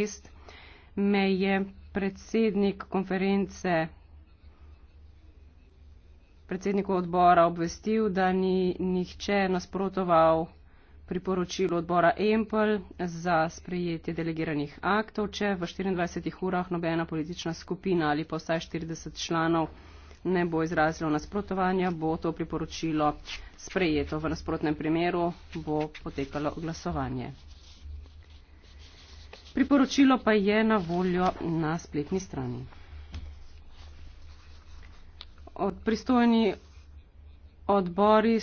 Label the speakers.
Speaker 1: šest, me je predsednik konference, predsedniku odbora obvestil, da ni nihče nasprotoval priporočilu odbora EMPL za sprejetje delegiranih aktov, če v 24 urah nobena politična skupina ali pa vsaj 40 članov ne bo izrazilo nasprotovanja, bo to priporočilo sprejeto. V nasprotnem primeru bo potekalo glasovanje.
Speaker 2: Priporočilo pa je na voljo na spletni strani. Od pristojni odbori